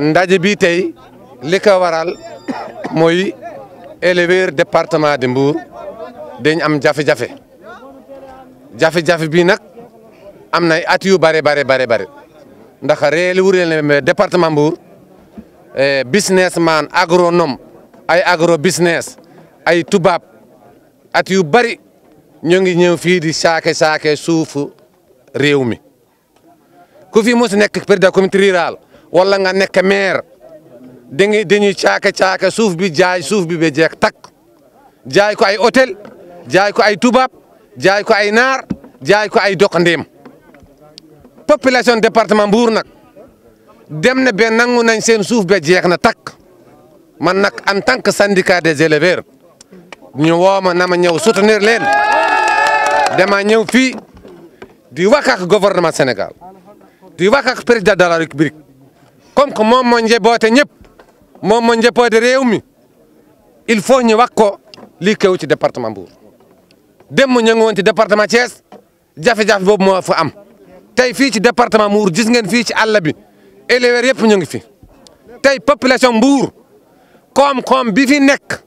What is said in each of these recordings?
ndaje bi tey li ko waral mooy éleveur département de Mbour dañ am jafe-jafe jafe-jafe bi nag am nay at yu bare bare bare bare ndax réel wu réel département Mbour eh, businessman agronome ay agro business ay tubaab at yu bari ñoo ngi ñëw fii di saake saake suufu réew mi ku fi si nekk président comité rural wala nga nek maire dañuy dañuy caaka caaka suuf bi jaay suuf bi be jek tak jaay ko ay hotel jaay ko ay tubab jaay ko ay nar jaay ko ay dok ndem population département bour nak dem na be nangou nañ seen suuf be jek na tak man nak en tant que syndicat des éleveurs ñu woo na ma ñew soutenir len dama ñew fi di wax ak gouvernement Sénégal di wax ak président de la République comme que moom moo njaboote ñëpp moom moo njaboote réew mi il faut ñu wax ko lii xew ci département Mbour dem ñu ngi woon ci département Thiès jafe-jafe boobu moo fa am tey fii ci département Mbour gis ngeen fii ci àll bi éleveurs yëpp ñu ngi fi tey population Mbour koom-koom bi fi nekk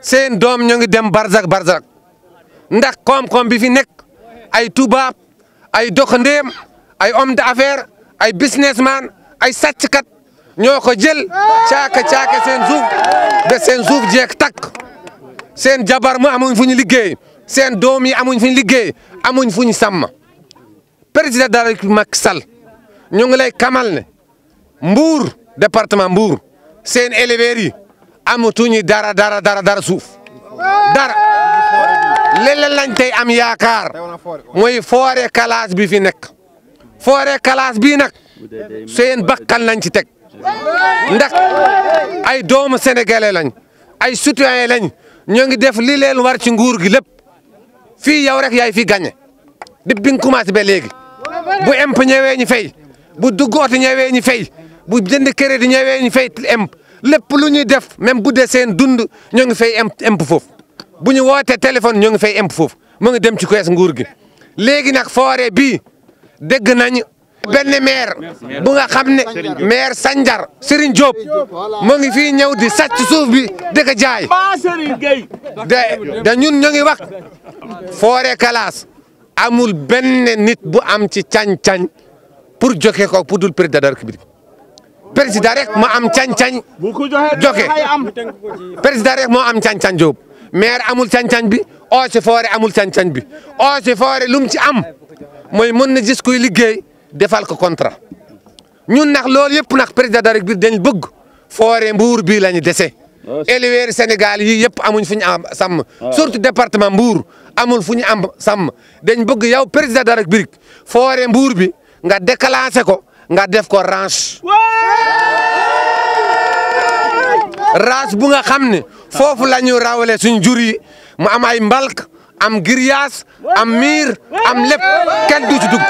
seen doom ñu ngi dem Barzak Barzak ndax koom-koom bi fi nekk ay tubaab ay doxandéem ay homme d'affaires ay businessman ay sàcckat ñoo ko jël caaka caaka seen suuf ba seen suuf jeeg takk seen jabar mu amuñ fu ñu liggéey seen doom yi amuñ fu liggéey amuñ fu ñu sàmm président dara Macky Sall ñu ngi lay kamal ne Mbour département Mbour seen éleveurs yi amatuñu dara dara dara dara suuf dara léeg-léeg lañ tey am yaakaar mooy forêt kalaas bi fi nekk forêt kalaas bii nag seen bakkan lañ ci teg. ndax ay doomu sénégalais lañ ay citoyen lañ ñoo ngi def li leen war ci nguur gi lépp fii yow rek yaay fi gagné depuis bi nga commencé ba léegi bu imp ñëwee ñu fay bu duggooti ñëwee ñu fay bu jënd crédit ñëwee ñu fay imp lépp lu ñuy def même bu dee seen dund ñoo ngi fay imp foofu bu ñu wootee téléphone ñoo ngi fay imp foofu mu ngi dem ci kees nguur gi léegi nag foore bii dégg nañ benn maire bu nga xam ne maire Sandiar Serigne Diop mu fii ñëw di sàcc suuf bi di ko jaay de ñun ñu ngi wax forêt Kalaas amul benn nit bu am ci cañ-cañ pour joxe ko pour dul président de la République président rek moo am cañ-cañ am cañ-cañ Diop maire amul cañ-cañ bi eaux et amul cañ-cañ bi eaux et forêts lu ci am mooy mën na gis kuy liggéey. defal ko contrat ñun nax loolu yëpp nax président de la dañ bëgg foore mbuur bii la ñu dese. Ah, éleveurs Sénégal yi yëpp amuñ fu ñu am sàmm. Ah. surtout département Mbour amul fu ñu am sàmm dañ bëgg yow président de la République foore mbuur bi nga déclassé ko nga def ko ranch. ranch bu nga xam ne foofu la ñu rawale suñ jur yi mu am ay mbalk am grillage am miir am lépp kenn du ci dugg.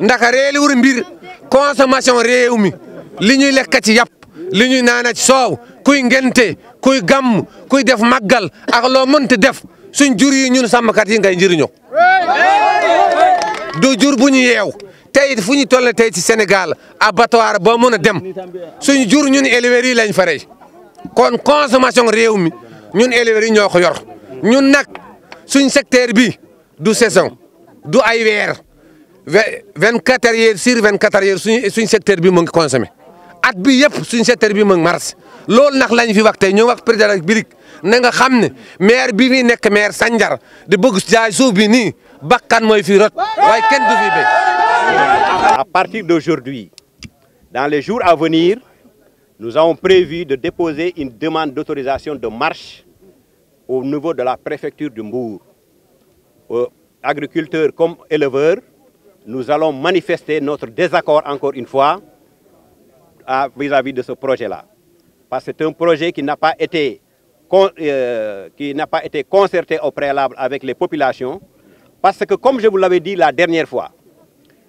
ndax réeliwul mbir consommation réew mi li ñuy lekk ci yàpp li ñuy naana ci soow kuy ngente kuy gàmm kuy def màggal ak loo mënti def suñ jur yi ñun sàmmkat yi ngay njëriñoo du jur bu ñu yeew tey fu ñu toll tey ci Sénégal abattoir boo mën a dem suñ jur ñun éleveurs yi lañ fa kon consommation réew mi ñun éleveurs yi ñoo ko yor ñun nag suñ secteur bi du seson du ay weer 24 heures sur 24 heures c'est suñ secteur bi mu ngi consommé at bi secteur bi mu ngi ce qu'on nag lañ fi wax tey wax nga maire bi fi maire Sandiara di bëgg jaay suuf bi nii bakkan mooy fi rot waaye kenn du À partir d'aujourd'hui, dans les jours à venir, nous avons prévu de déposer une demande d'autorisation de marche au niveau de la préfecture de Mbour, aux agriculteurs comme éleveurs, nous allons manifester notre désaccord encore une fois vis-à-vis de ce projet-là. Parce que c'est un projet qui n'a pas, été, euh, pas été concerté au préalable avec les populations. Parce que comme je vous l'avais dit la dernière fois,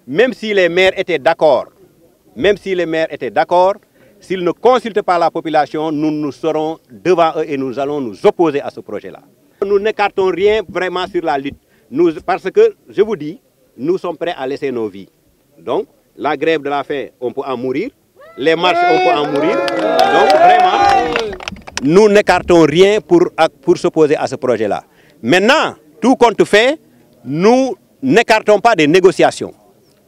même si les maires étaient d'accord, même si les maires étaient d'accord, s'ils ne consultent pas la population, nous nous serons devant eux et nous allons nous opposer à ce projet-là. Nous n'écartons rien vraiment sur la lutte. parce que, je vous dis, nous sommes prêts à laisser nos vies. Donc, la grève de la faim, on peut en mourir. Les marches, on peut en mourir. Donc, vraiment, nous n'écartons rien pour, pour s'opposer à ce projet-là. Maintenant, tout compte fait, nous n'écartons pas des négociations.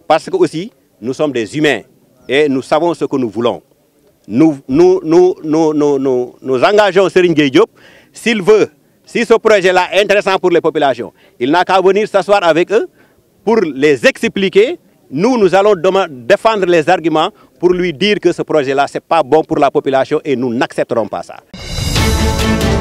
Parce que aussi, nous sommes des humains et nous savons ce que nous voulons. Nous, nous, nous, nous, nous engageons Serine Diop s'il veut, si ce projet-là est intéressant pour les populations. Il n'a qu'à venir s'asseoir avec eux, pour les expliquer. Nous, nous allons défendre les arguments pour lui dire que ce projet-là, ce n'est pas bon pour la population et nous n'accepterons pas ça.